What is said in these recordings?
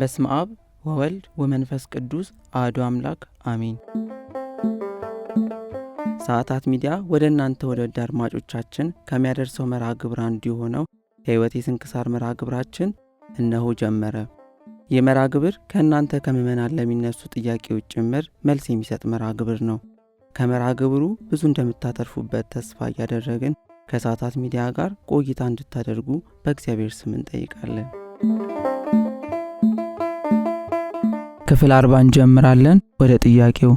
በስመ አብ ወወልድ ወመንፈስ ቅዱስ አሐዱ አምላክ አሜን። ሰዓታት ሚዲያ ወደ እናንተ ወደ ወደ አድማጮቻችን ከሚያደርሰው መርሃ ግብር አንዱ የሆነው የሕይወት የስንክሳር መርሃ ግብራችን እነሆ ጀመረ። ይህ መርሃ ግብር ከእናንተ ከምዕመናን ለሚነሱ ጥያቄዎች ጭምር መልስ የሚሰጥ መርሃ ግብር ነው። ከመርሃ ግብሩ ብዙ እንደምታተርፉበት ተስፋ እያደረግን ከሰዓታት ሚዲያ ጋር ቆይታ እንድታደርጉ በእግዚአብሔር ስም እንጠይቃለን። ክፍል አርባ እንጀምራለን። ወደ ጥያቄው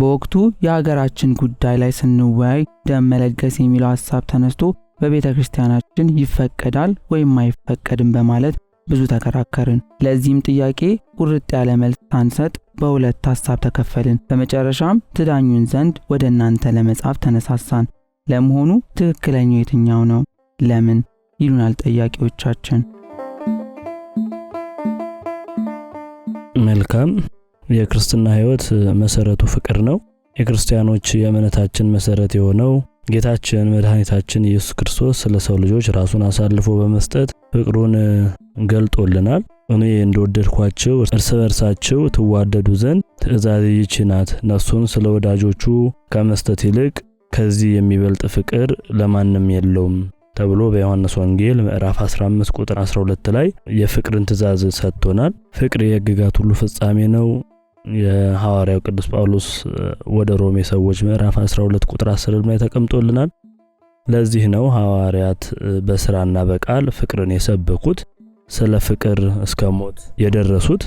በወቅቱ የሀገራችን ጉዳይ ላይ ስንወያይ ደም መለገስ የሚለው ሀሳብ ተነስቶ በቤተ ክርስቲያናችን ይፈቀዳል ወይም አይፈቀድም በማለት ብዙ ተከራከርን። ለዚህም ጥያቄ ቁርጥ ያለ መልስ ሳንሰጥ በሁለት ሀሳብ ተከፈልን። በመጨረሻም ትዳኙን ዘንድ ወደ እናንተ ለመጻፍ ተነሳሳን። ለመሆኑ ትክክለኛው የትኛው ነው? ለምን? ይሉናል ጠያቂዎቻችን። መልካም የክርስትና ሕይወት መሰረቱ ፍቅር ነው። የክርስቲያኖች የእምነታችን መሰረት የሆነው ጌታችን መድኃኒታችን ኢየሱስ ክርስቶስ ስለ ሰው ልጆች ራሱን አሳልፎ በመስጠት ፍቅሩን ገልጦልናል። እኔ እንደወደድኳቸው እርስ በርሳቸው ትዋደዱ ዘንድ ትእዛዝ ይቺ ናት፣ ነፍሱን ስለ ወዳጆቹ ከመስጠት ይልቅ ከዚህ የሚበልጥ ፍቅር ለማንም የለውም ተብሎ በዮሐንስ ወንጌል ምዕራፍ 15 ቁጥር 12 ላይ የፍቅርን ትእዛዝ ሰጥቶናል። ፍቅር የሕግጋት ሁሉ ፍጻሜ ነው። የሐዋርያው ቅዱስ ጳውሎስ ወደ ሮሜ ሰዎች ምዕራፍ 12 ቁጥር 10 ላይ ተቀምጦልናል። ለዚህ ነው ሐዋርያት በስራና በቃል ፍቅርን የሰበኩት፣ ስለ ፍቅር እስከ ሞት የደረሱት።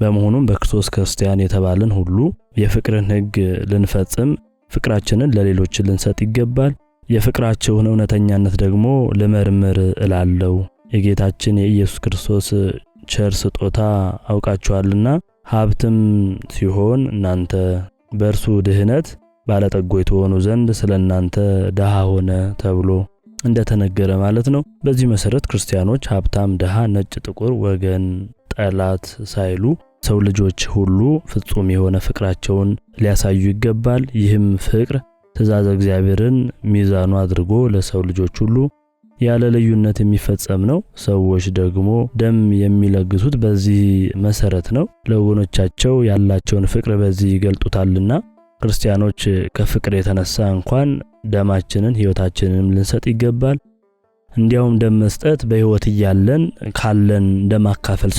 በመሆኑም በክርስቶስ ክርስቲያን የተባለን ሁሉ የፍቅርን ሕግ ልንፈጽም፣ ፍቅራችንን ለሌሎች ልንሰጥ ይገባል። የፍቅራቸውን እውነተኛነት ደግሞ ልመርምር እላለው። የጌታችን የኢየሱስ ክርስቶስ ቸር ስጦታ አውቃችኋልና ሀብትም ሲሆን እናንተ በእርሱ ድህነት ባለጠጎች ትሆኑ ዘንድ ስለ እናንተ ድሃ ሆነ ተብሎ እንደተነገረ ማለት ነው። በዚህ መሰረት ክርስቲያኖች ሀብታም፣ ድሃ፣ ነጭ፣ ጥቁር፣ ወገን፣ ጠላት ሳይሉ ሰው ልጆች ሁሉ ፍጹም የሆነ ፍቅራቸውን ሊያሳዩ ይገባል። ይህም ፍቅር ትእዛዘ እግዚአብሔርን ሚዛኑ አድርጎ ለሰው ልጆች ሁሉ ያለ ልዩነት የሚፈጸም ነው። ሰዎች ደግሞ ደም የሚለግሱት በዚህ መሰረት ነው። ለወገኖቻቸው ያላቸውን ፍቅር በዚህ ይገልጡታልና ክርስቲያኖች ከፍቅር የተነሳ እንኳን ደማችንን ሕይወታችንንም ልንሰጥ ይገባል። እንዲያውም ደም መስጠት በሕይወት እያለን ካለን ደም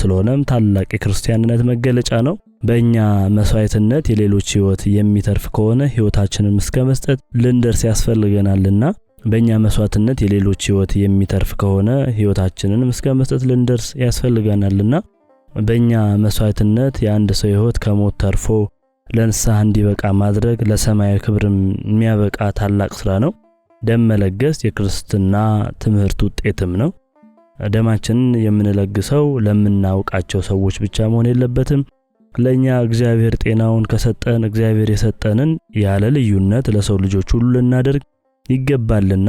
ስለሆነም ታላቅ የክርስቲያንነት መገለጫ ነው። በእኛ መስዋዕትነት የሌሎች ህይወት የሚተርፍ ከሆነ ህይወታችንን እስከ መስጠት ልንደርስ ያስፈልገናልና በእኛ መስዋዕትነት የሌሎች ህይወት የሚተርፍ ከሆነ ህይወታችንን እስከ መስጠት ልንደርስ ያስፈልገናልና በእኛ መስዋዕትነት የአንድ ሰው ህይወት ከሞት ተርፎ ለንስሐ እንዲበቃ ማድረግ ለሰማያዊ ክብርም የሚያበቃ ታላቅ ስራ ነው። ደም መለገስ የክርስትና ትምህርት ውጤትም ነው። ደማችንን የምንለግሰው ለምናውቃቸው ሰዎች ብቻ መሆን የለበትም። ለእኛ እግዚአብሔር ጤናውን ከሰጠን እግዚአብሔር የሰጠንን ያለ ልዩነት ለሰው ልጆች ሁሉ ልናደርግ ይገባልና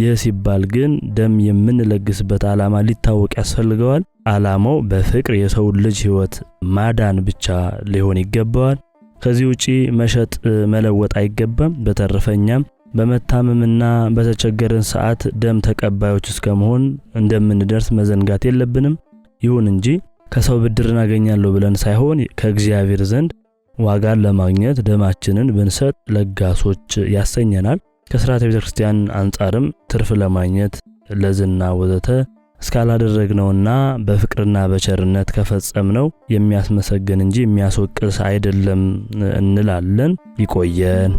ይህ ሲባል ግን ደም የምንለግስበት ዓላማ ሊታወቅ ያስፈልገዋል። ዓላማው በፍቅር የሰውን ልጅ ሕይወት ማዳን ብቻ ሊሆን ይገባዋል። ከዚህ ውጪ መሸጥ መለወጥ አይገባም። በተረፈኛም በመታመምና በተቸገረን ሰዓት ደም ተቀባዮች እስከመሆን እንደምንደርስ መዘንጋት የለብንም። ይሁን እንጂ ከሰው ብድር እናገኛለሁ ብለን ሳይሆን ከእግዚአብሔር ዘንድ ዋጋን ለማግኘት ደማችንን ብንሰጥ ለጋሶች ያሰኘናል። ከስርዓተ ቤተ ክርስቲያን አንጻርም ትርፍ ለማግኘት ለዝና ወዘተ እስካላደረግነውና በፍቅርና በቸርነት ከፈጸምነው የሚያስመሰግን እንጂ የሚያስወቅስ አይደለም እንላለን። ይቆየን።